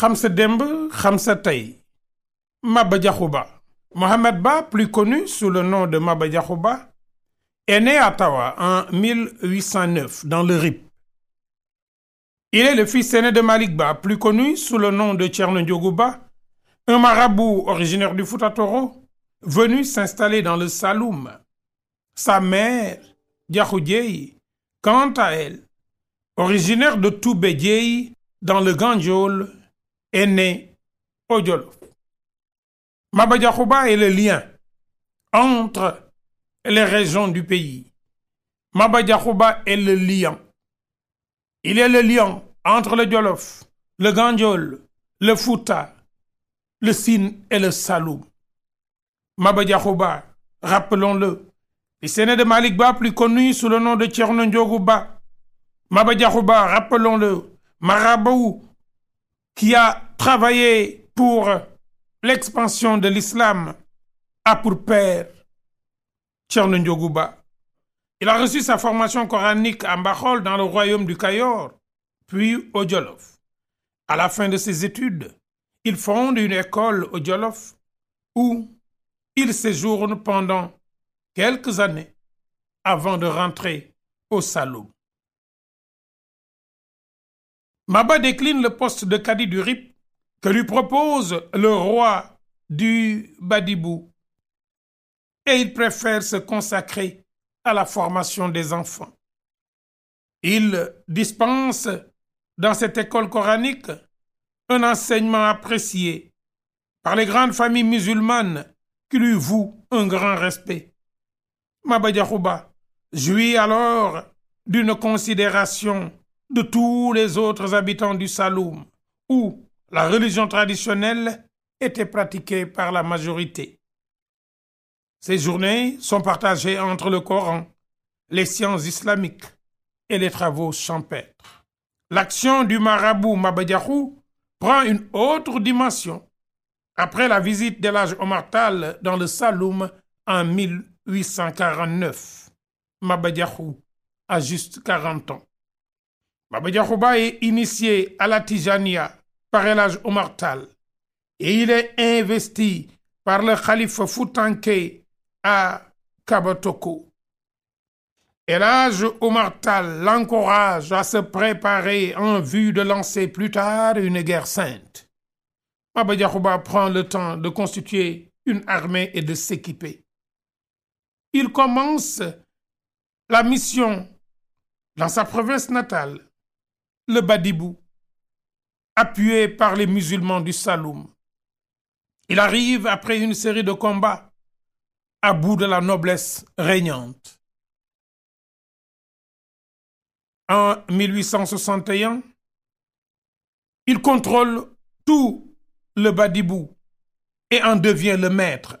xam sa démb xam sa tey Ba plus connu sous le nom de Maba Diakhou est né à Tawa en dans le Rip il est le fils aîné de Malick Ba plus connu sous le nom de Thierno Ndiogou un marabout originaire du Fouta venu s'installer dans le Saloum sa mère Diakhou quant à elle originaire de Toubé Dieye dans le Gandiol est au Jolof. Maba le lien entre les régions du pays. Maba Diakhouba est le lien. Il est le lien entre le Jolof, le Gandiol, le Fouta, le Sine et le Saloum. Maba Diakhouba, rappelons-le, le Séné de Malick plus connu sous le nom de Thierno Ndiogou Maba Diakhouba, rappelons-le, qui a travaillé pour l'expansion de l'islam a pour père Thierno Ndiogou Il a reçu sa formation coranique à Mbakol dans le royaume du Cayor, puis au Jolof. À la fin de ses études, il fonde une école au Jolof où il séjourne pendant quelques années avant de rentrer au Saloum. Maba décline le poste de cadi du RIP que lui propose le roi du Badibou et il préfère se consacrer à la formation des enfants. Il dispense dans cette école coranique un enseignement apprécié par les grandes familles musulmanes qui lui vouent un grand respect. Maba Diakhouba jouit alors d'une considération de tous les autres habitants du Saloum, où la religion traditionnelle était pratiquée par la majorité. Ces journées sont partagées entre le Coran, les sciences islamiques et les travaux champêtres. L'action du marabout Maba Diakhou prend une autre dimension après la visite de l'âge Omar dans le Saloum en 1849. Maba Diakhou a juste 40 ans. Baba Diakhouba est par El Hadj Omar Tall et il est investi par le khalife Foutanké à Kabatokou. El Hadj Omar l'encourage à se préparer en vue de lancer plus tard une guerre sainte. Baba prend le temps de constituer une armée et de s'équiper. Il commence la mission dans sa province natale le Badibou, appuyé par les musulmans du Saloum. Il arrive après une série de combats à bout de la noblesse régnante. En il contrôle tout le Badibou et en devient le maître.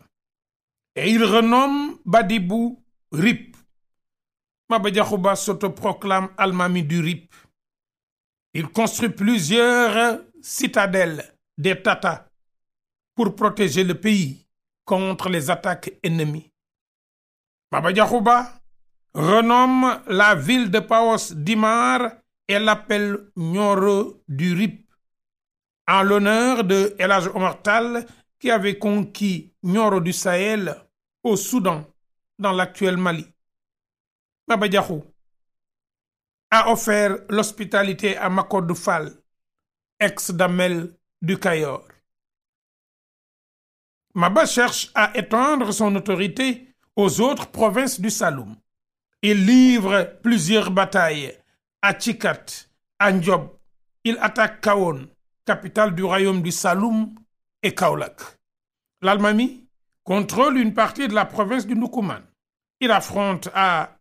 Et il renomme Badibou Rip. Maba Diakhouba s'autoproclame Almami du Rip. Il construit plusieurs citadelles des Tatas pour protéger le pays contre les attaques ennemies. Baba Ba renomme la ville de Paos d'Imar et l'appelle Nioro du Rip en l'honneur de El Hadj qui avait conquis Nioro du Sahel au Soudan dans l'actuel Mali. a offert l'hospitalité à Makodou Fall, damel du Cayor. Maba cherche à étendre son autorité aux autres provinces du Saloum. Il livre plusieurs batailles à Tchikat, à Ndiob. Il attaque Kahone, capitale du royaume du Saloum, et Kaolack. L'Almami contrôle une partie de la province du Ndoukoumane. Il affronte à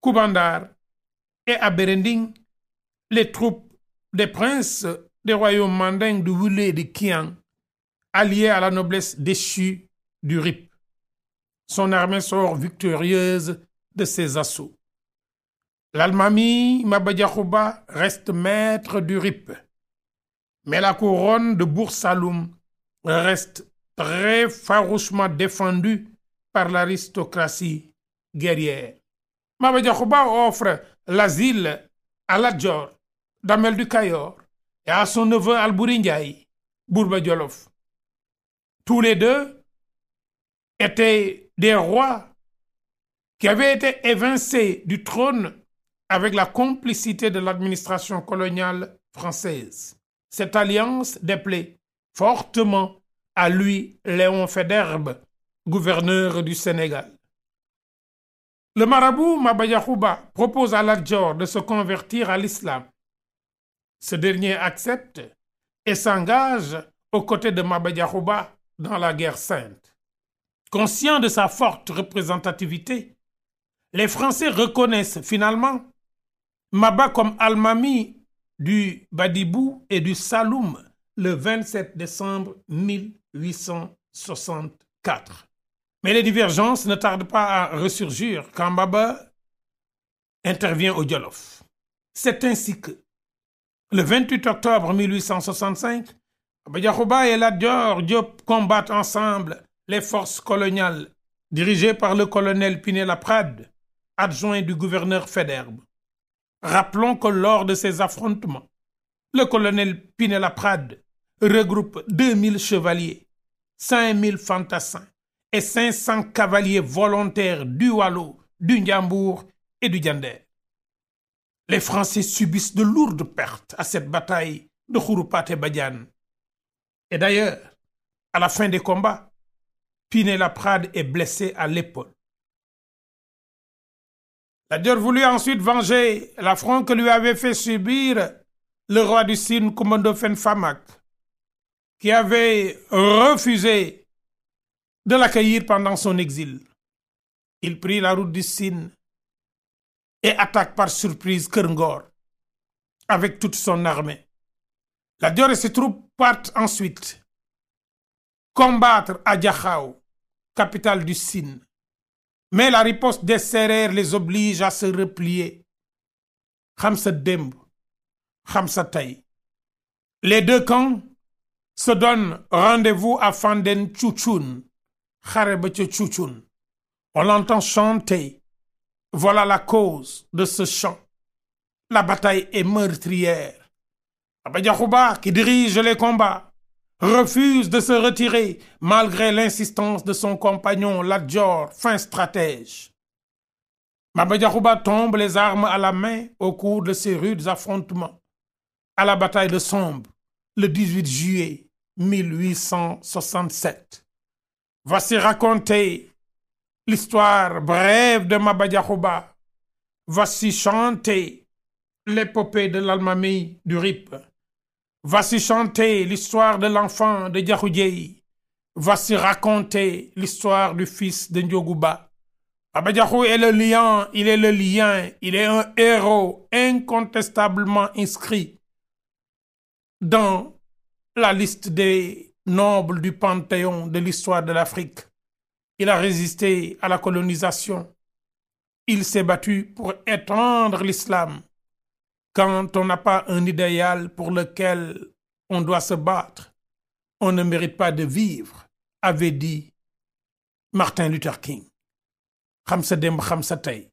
Koubandar et à Berending, les troupes des princes des royaumes mandingues de Wulu de Kiang, alliés à la noblesse déchue du Rip. Son armée sort victorieuse de ses assauts. L'Almami Maba reste maître du Rip. Mais la couronne de Boursaloum reste très farouchement défendue par l'aristocratie guerrière. Mame Diakhou Ba offre l'asile à Lat Dior, et à son neveu Albouri Ndiaye, Bourba Djolof. Tous les deux étaient des rois qui avaient été évincés du trône avec la complicité de l'administration coloniale française. Cette alliance déplaît fortement à Louis Léon Faidherbe, gouverneur du Sénégal. Le marabout Maba Yaxu Ba propose à Lat Dior de se convertir à l'islam. Ce dernier accepte et s'engage aux côtés de Maba dans la guerre sainte. Conscient de sa forte représentativité, les Français reconnaissent finalement Maba comme almami du Badibou et du Saloum le 27 décembre 1864. Mais les divergences ne tardent pas à ressurgir quand Baba intervient au Jolof. C'est ainsi que, le 28 octobre 1865, Baba Diakhou Ba et Lat Dior Diop combattent ensemble les forces coloniales dirigées par le colonel Pinet Laprade, adjoint du gouverneur Faidherbe. Rappelons que lors de ces affrontements, le colonel Pinet Laprade regroupe 2000 chevaliers, et 500 cavaliers volontaires du Waalo, du Ndiambour et du Diender. Les Français subissent de lourdes pertes à cette bataille de Khouroupaté Badiane. Et d'ailleurs, à la fin des combats, Pinet-Laprade est blessé à l'épaule. Lat Dior voulut ensuite venger l'affront que lui avait fait subir le roi du Sine Kumando Fen qui avait refusé de l'accueillir pendant son exil. Il prit la route du Sine et attaque par surprise Kër Ngor avec toute son armée. Lat Dior et ses troupes partent ensuite combattre à Diakhao, capitale du Sine. Mais la riposte des Sérères les oblige à se replier. Xam sa démb, sa tey. Les deux camps se donnent rendez-vous à Fanden Tchouchoun xare on l'entend chanter voilà la cause de ce chant la bataille est meurtrière Baba qui dirige les combats refuse de se retirer malgré l'insistance de son compagnon Lat Dior fin stratège Baba tombe les armes à la main au cours de ces rudes affrontements à la bataille de Somb le 18 juillet 1867 Voici raconter l'histoire brève de Maba Diakhou Ba. chanter l'épopée de l'almami du Rip. Voici chanter l'histoire de l'enfant de Diakhou Dieye. Voici raconter l'histoire du fils de Ndiogou Ba. est le lion, il est le lien, il est un héros incontestablement inscrit dans la liste des noble du panthéon de l'histoire de l'Afrique. Il a résisté à la colonisation. Il s'est battu pour étendre l'islam. Quand on n'a pas un idéal pour lequel on doit se battre, on ne mérite pas de vivre, avait dit Martin Luther King. xam sa démb xam sa tey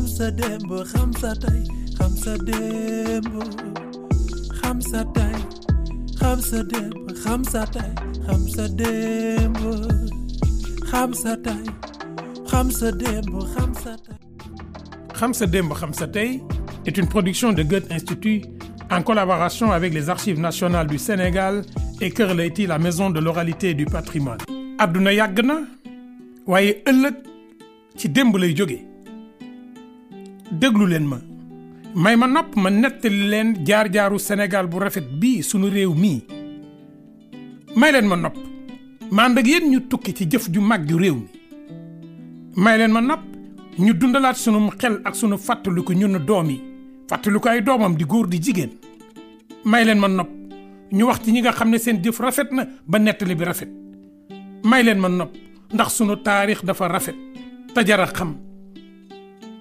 xam sa démb xam sa xam sa démb xam xam sa tey xam production de Goethe Institut en collaboration avec les Archives nationales du Sénégal et Kër Leyti la maison de l'oralité et du patrimoine. àdduna yàgg na ci démb lay jóge déglu leen ma may ma nopp ma nettali leen jaar-jaaru Sénégal bu rafet bii sunu réew mii may leen ma nopp ma ànd ak ñu tukki ci jëf ju mag ju réew mi may leen ma nopp ñu dundalaat sunum xel ak sunu fàttaliku ñun doom yi fàttaliku ay doomam di góor di jigéen may leen ma nopp ñu wax ci ñi nga xam ne seen jëf rafet na ba nettali bi rafet may leen ma nopp ndax sunu taarix dafa rafet te jar a xam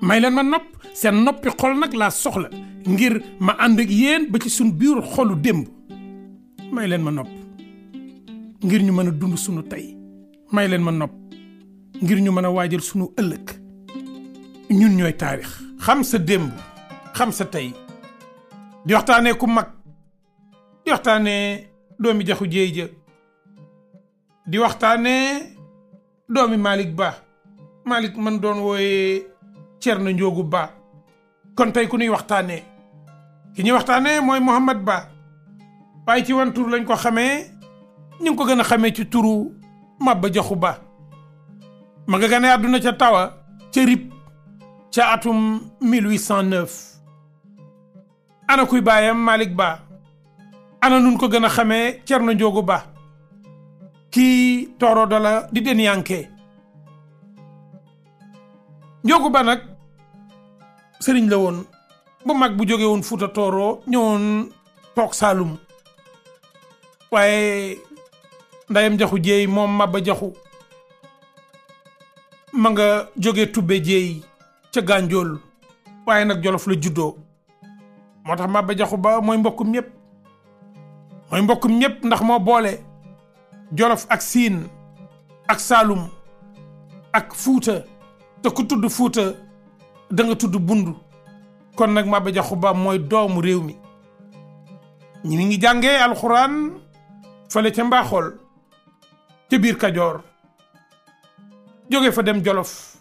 may leen ma nopp seen noppi xol nag laa soxla ngir ma ànd ak yéen ba ci suñ biir xolu démb may leen ma nopp ngir ñu mën a dund sunu tey may leen ma nopp ngir ñu mën a waajal sunu ëllëg ñun ñooy taarix xam sa démb xam sa tey di waxtaanee ku mag di waxtaanee doomi jaxu jéey ja di waxtaanee doomi Malick Ba Malick mën doon wooyee na Ndiogou Ba kon tey ku nuy waxtaanee ki ñuy waxtaanee mooy Mouhamad Ba waaye ci wan tur lañ ko xamee ñu ko gën a xamee ci turu Maba Diakhou Ba ma nga gane àdduna ca tawa ca rib ca atum 1809 ana kuy baayam Malick Ba ana nun ko gën a xamee Thierno Ndiogou Ba kii tooro dala di den yankee Ndiogou Ba nag sëriñ la woon bu mag bu jóge woon Fuuta Tooro ñëwoon toog Saalum waaye ndayam jaxu jéey moom Maba jaxu ma nga jóge tubbe jéey ca Gànjool waaye nag Jolof la juddoo moo tax Maba jaxu ba mooy mbokkum ñëpp mooy mbokkum ñëpp ndax moo boole Jolof ak Siin ak Saalum ak Fuuta te ku tudd Fuuta danga tudd bundu kon nag Maba Jaxu Ba mooy doomu réew mi ñi ngi jàngee alxuraan fale ca mbaaxool ca biir Kajoor joge fa dem Jolof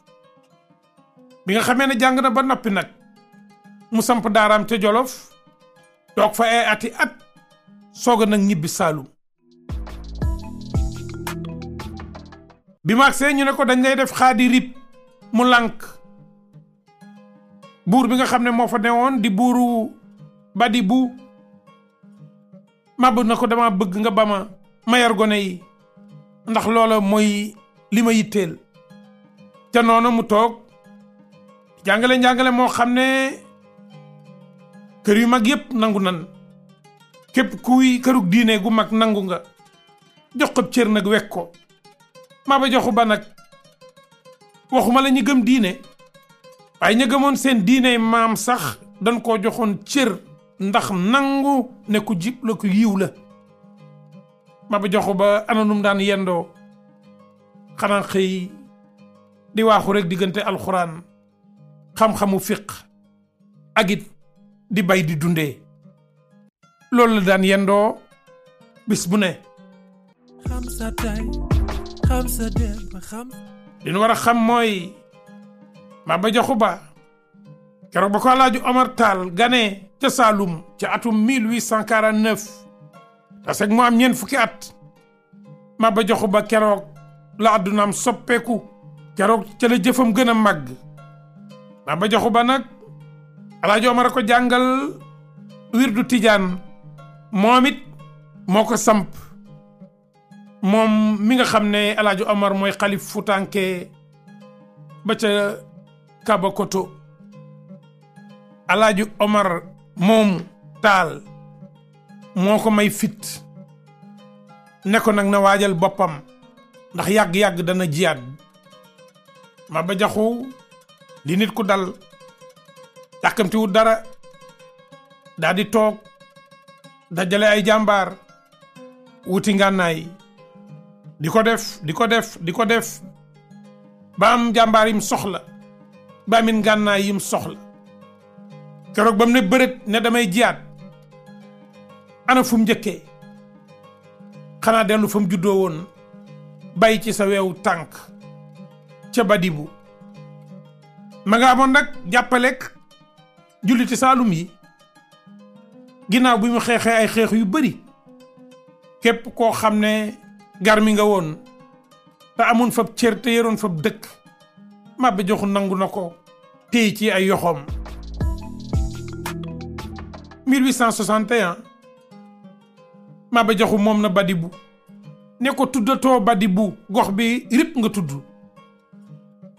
bi nga xamee ne jàng na ba noppi nag mu samp daaraam ca Jolof toog fa ay ati at soog nag ñibbi Saalum bi magsee ñu ne ko dañ lay def xaadi rib mu lànk buur bi nga xam ne moo fa newoon di buuru badi bu màbb na ko dama bëgg nga ba ma mayar gone yi ndax loola mooy li ma yitteel ca noonu mu toog jàngale-njàngale moo xam ne kër yu mag yépp nangu nan képp kuy kërug diine gu mag nangu nga jox ko cër nag wekk ko maa ba joxu ba nag waxuma la ñu gëm diine waaye ña gëmoon seen diiney maam sax dañ koo joxoon cër ndax nangu ne ku jib ku yiw la maba joxu ba ananum daan yendoo xanaa xëy di waaxu rek diggante alxuraan xam-xamu fiq ak di bay di dundee loolu la daan yendoo bis bu ne li war a xam mooy Maba Jaxu Ba keroog ba ko Alaaji Omar Tall ganee ca Saalum ca atum 1849 parce que am ñeent fukki at Maba Jaxu Ba keroog la addunaam soppeeku keroog ca la jëfam gën a màgg Maba Jaxu Ba nag Alaaji Omar a ko jàngal wirdu tijaan moom it moo ko samp moom mi nga xam ne Alaaji Omar mooy xalif Futanke ba ca Kabakoto Alaaji Omar moomu Taal moo ko may fit nekkoon nag na waajal boppam ndax yàgg-yàgg dana jiyaat ma ba jaxu di nit ku dal yàkkamtiwul dara daa di toog dajale ay jàmbaar wuti ngànnaay di ko def di ko def di ko soxla ba amin ngànnaay mu soxla keroog ba mu ne bërët ne damay jiyaat ana fu mu njëkkee xanaa dellu fa mu juddoo woon bàyyi ci sa weewu tànk ca badibu ma nga amoon nag jàppaleeg julliti saalum yi ginnaaw bi mu xeexee ay xeex yu bari képp koo xam ne garmi nga woon te amoon fa cër te yoroon fab dëkk mabba joxu nangu na ko téye ci ay yoxoom 1861 Maba Jaxu moom na Badibou ne ko tuddatoo Badibou gox bi rip nga tudd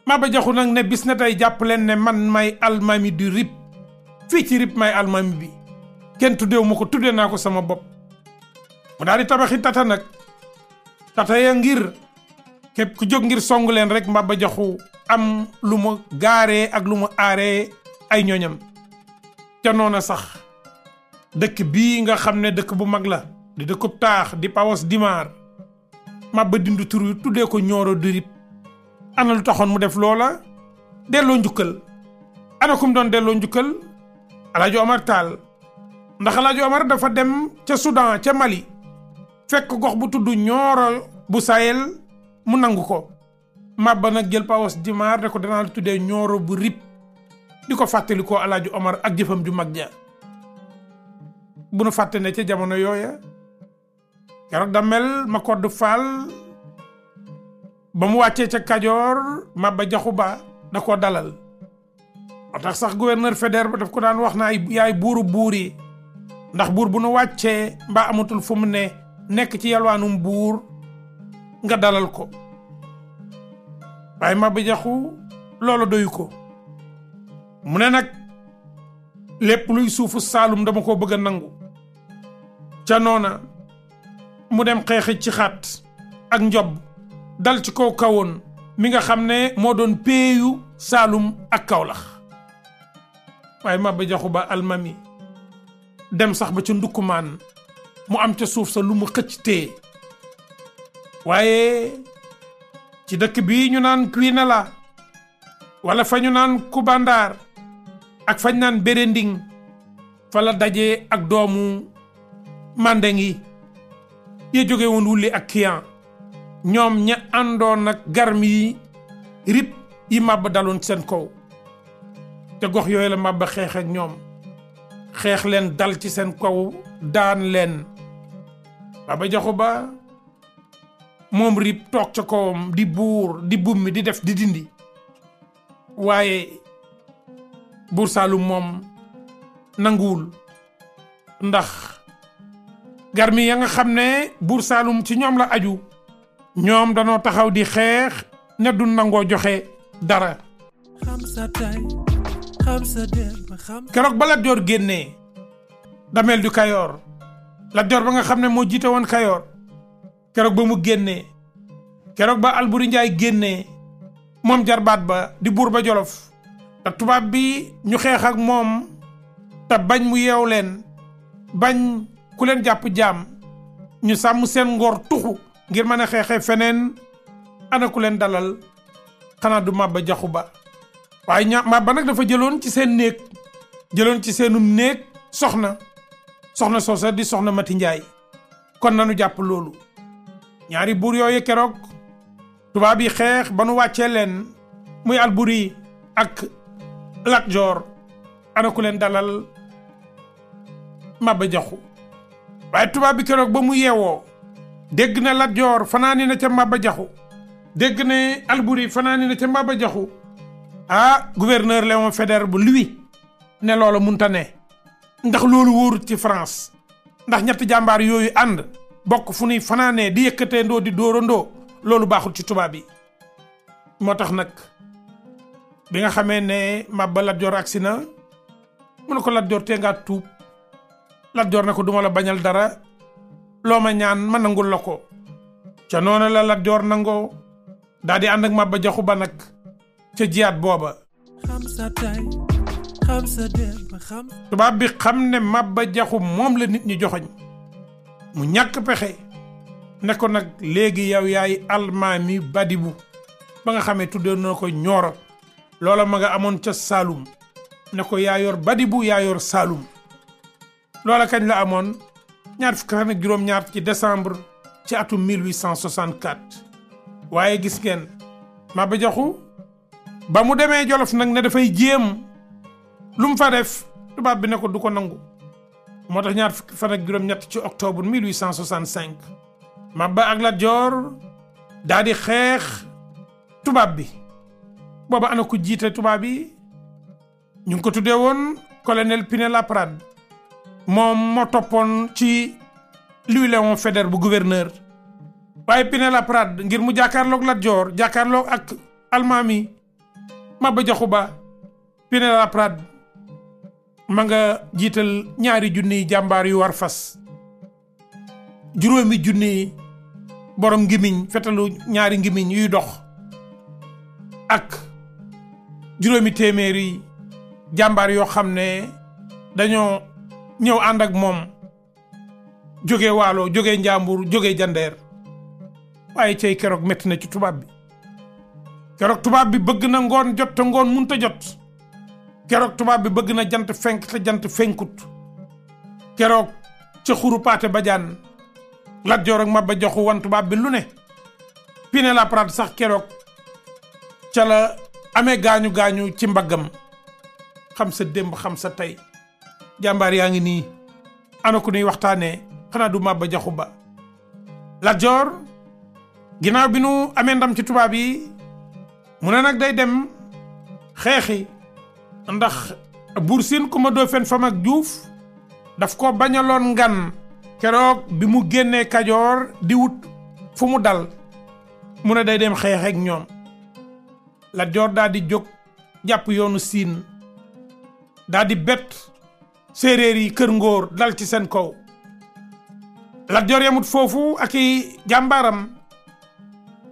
Maba Jaxu nag ne bis na tey jàpp leen ne man may almaami du rip fii ci rip may almaami bi kenn tuddeewu ko tudde naa ko sama bopp mu daal di tabaxi tata nag tata ya ngir képp ku jóg ngir song leen rek ba Jaxu am lu mu gaaree ak lu mu aaree ay ñooñam ca noona sax dëkk bii nga xam ne dëkk bu mag la di dëkkub taax di Pawos Dimar Maba Dindu tur yu tuddee ko ñooro du Rip ana lu taxoon mu def loola delloo njukkal ana kum doon delloo njukkal Alaaji Omar Taal ndax Alaaji Omar dafa dem ca Soudan ca Mali fekk gox bu tudd Nioro bu Sahel mu nangu ko mabba nag jël pawas dimaar ne ko danaa tuddee ñooro bu rip di ko fàttali ko alaaju omar ak jëfam ju mag ja bu nu fàtte ne ca jamono yooya keroog da mel ma kodd fal ba mu wàccee ca kajoor mabba jaxu ba da ko dalal moo tax sax gouverneur fédéral ba daf ko daan wax na ay yaay buuru buur yi ndax buur bu nu wàccee mbaa amatul fu mu ne nekk ci yalwaanum buur nga dalal ko waaye Maba Jaxu loola doyu ko mu ne nag lépp luy suufu saalum dama ko bëgg a nangu ca noona mu dem xeexi ci xaat ak njob dal ci kaw kawoon mi nga xam ne moo doon péeyu saalum ak kawlax waaye Maba Jaxu ba almami dem sax ba ca ndukkumaan mu am ca suuf sa lu mu xëcc tee waaye ci dëkk bi ñu naan Kwinala wala fa ñu naan Kubandar ak fañ naan Berending fa la daje ak doomu Mandeng ngi ya jóge wulli ak Kiyan ñoom ña àndoon ak garmi yi rib yi màbb daloon seen kaw te gox yooyu la màbb xeex ñoom xeex leen dal ci seen kaw daan leen Baba Jaxu Ba moom rib toog ca kawam di buur di bummi di def di dindi waaye buur Saalum moom nanguwul ndax garmi ya nga xam ne buur Saalum ci ñoom la aju ñoom danoo taxaw di xeex ne du nangoo joxe dara keroog ba Lat Joor génnee dameel du Kayoor Lat Joor nga xam ne moo jiite woon Kayoor keroog ba mu génnee keroog ba Alburi Njaay génnee moom jarbaat ba di buur ba jolof te tubaab bi ñu xeex ak moom te bañ mu yeew leen bañ ku leen jàpp jaam ñu sàmm seen ngor tuxu ngir mën a xeexee feneen ana ku leen dalal xanaa du màbba jaxu ba waaye ña màbba nag dafa jëloon ci seen néeg jëloon ci seenum néeg soxna soxna soosa di soxna Mati Njaay kon nanu jàpp loolu ñaari buur yooyu keroog tubaab yi xeex ba nu wàccee leen muy Alburi ak Lat Joor ana leen dalal mabba Jaxu waaye tubaab bi keroog ba mu yeewoo dégg na Lat Joor fanaani na ca Maba Jaxu dégg ne Alburi fanaani na ca Maba Jaxu ah gouverneur Léon Faidherbe bu lui ne loola munta ne ndax loolu wóorut ci France ndax ñetti jàmbaar yooyu ànd bokk fu nuy fanaanee di yëkkatee ndoo di dóorandoo loolu baaxul ci tubaab yi moo tax nag bi nga xamee ne Maba Lat Joor agsi na mu ne ko Lat Joor te ngaa tuub Lat ne ko duma la bañal dara loo ma ñaan ma nangul la ko ca noona la Lat nangoo daa di ànd ak Maba Jaxu Ba nag ca jiyaat booba tubaab bi xam ne Maba Jaxu moom la nit ñi joxoñ mu ñàkk pexe ne ko nag léegi yow yaay almaami badibu ba nga xamee tuddee na ko ñooro loola ma nga amoon ca saalum ne ko yaa yor badibu yaa yor saalum loola kañ la amoon ñaar fukki fan juróom-ñaar ci décembre ci atum 1864 waaye gis ngeen Maba Jaxu ba mu demee Jolof nag ne dafay jéem lu mu fa def tubaab bi nekko du ko nangu moo tax ñaar fukki fan ak juróom-ñett ci octobre 1865 Mabba ak Lat Joor daa xeex tubaab bi booba ana ku jiite tubaab yi ñu ngi ko tuddee woon colonel la laprade moom moo toppoon ci Louis Léon Faidherbe bu gouverneur waaye Pinet-Laprade ngir mu jàkkaarloog Lat Joor jàkkaarloog ak almaami Maba Jaxu Ba Pinet-Laprade ma nga jiital ñaari junniy jàmbaar yu war fas juróomi junniy borom ngimiñ fetalu ñaari ngimiñ yuy dox ak juróomi téeméeri jàmbaar yoo xam ne dañoo ñëw ànd ak moom jóge waalo jóge njàmbur jóge jandeer waaye cey keroog métti na ci tubaab bi keroog tubaab bi bëgg na ngoon jot te ngoon munta jot keroog tubaab bi bëgg na jant fenk te jant fenkut keroog ca xuru paate bajaan Lat Joor ak Maba Jaxu wan tubaab bi lu ne Pinet-Laprade sax keroog ca la amee gaañu gaañu ci mbaggam xam sa démb xam sa tey jàmbaar yaa ngi nii ana ku nuy waxtaanee xanaa du Maba Jaxu ba Lat Joor ginnaaw bi nu amee ndam ci tubaab yi mu ne nag day dem xeexi ndax buur siin ku ma doo fen fam ak juuf daf ko bañaloon ngan keroog bi mu génnee kajoor diwut fu mu dal mu ne day dem xeex ak ñoom Lat Joor daa di jóg jàpp yoonu siin daa di bett séeréer yi kër ngóor dal ci seen kaw Lat Joor yamut foofu ak i jàmbaaram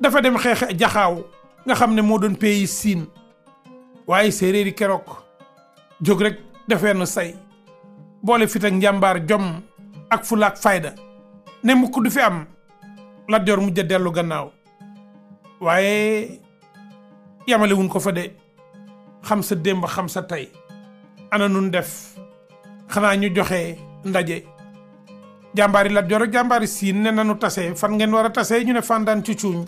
dafa dem xeex jaxaaw nga xam ne moo doon pays siin waaye séeréer yi keroog jóg rek defee say boole fit ak njàmbaar jom ak fulaak fayda ne mukk du fi am Lat Joor mujj a dellu gannaaw waaye yamale wuñ ko fa de xam sa démb xam sa tey ana nun def xanaa ñu joxe ndaje jàmbaari Lat Joor ak jàmbaari siin ne nanu tase fan ngeen war a tase ñu ne fandaan ci cuuñ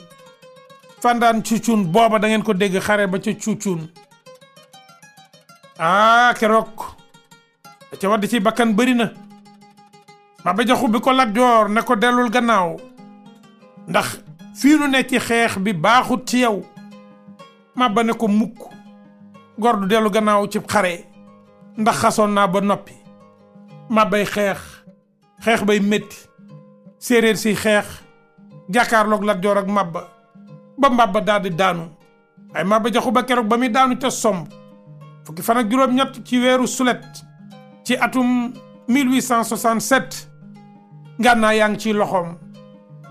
fandaan ci cuun booba da ngeen ko dégg xare ba ca cuucuun ah keroog ca wadd ci bakkan bëri na Maba Jaxu bi ko Lat Joor ne ko dellul gannaaw ndax fii nu ne xeex bi baaxut ci yow Maba ne ko mukk gor du dellu gannaaw ci xare ndax xasoon naa ba noppi Mabay xeex xeex bay metti séeréer si xeex jàkkaarloog Lat Joor ak Maba ba Maba daal di daanu waaye Maba Jaxu ba keroog ba muy daanu ca somb fukki fan ak juróom-ñett ci weeru sulet ci atum 1867 gànnaa yaa ngi ciy loxoom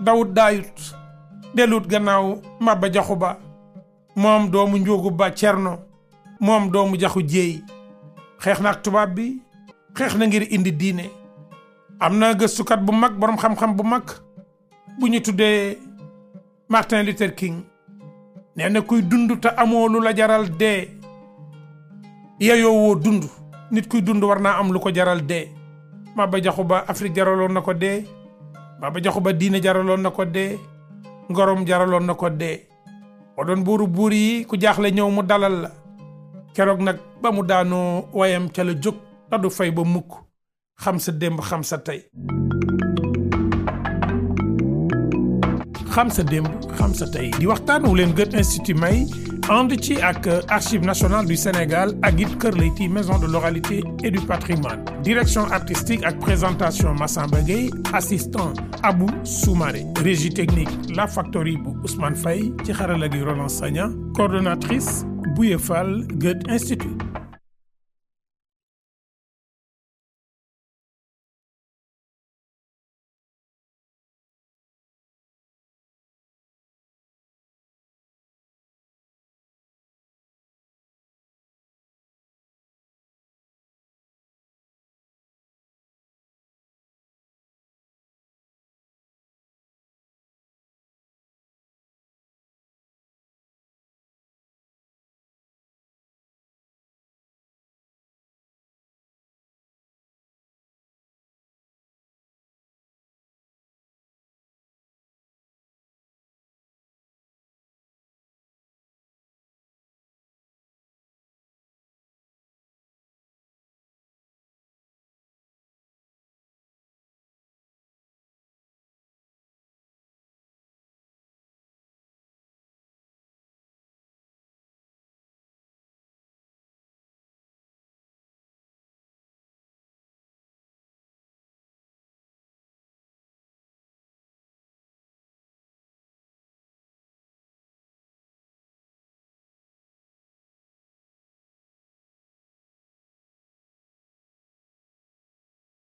dawut daayut dellut gannaaw mabba jaxu ba moom doomu njóogu ba cerno moom doomu jaxu jéey xeex na ak tubaab bi xeex na ngir indi diine am na gëstukat bu mag boroom xam-xam bu mag bu ñu tuddee Martin Luther King nee na kuy dund te amoo la jaral dee yeyoo woo dund nit kuy dund war naa am lu ko jaral dee ba Jaxu Ba Afrique jaraloon na ko dee ba Jaxu Ba diine jaraloon na ko dee ngorom jaraloon na ko dee moo doon buuru buur yi ku jaaxle ñëw mu dalal la keroog nag ba mu daanoo wayam ca jóg ta du fay ba mukk xam sa démb xam sa tey xam sa démb xam sa wu leen Goethe Institut may ànd ci ak Archives nationales du Sénégal ak it Kër Leyti maison de l'oralité et du patrimoine direction artistique ak présentation Massamba Gueye assistant Abou Soumaré régie technique La Factory bu Ousmane Faye ci xarala gi Roland Sagna coordonnatrice Goethe Institut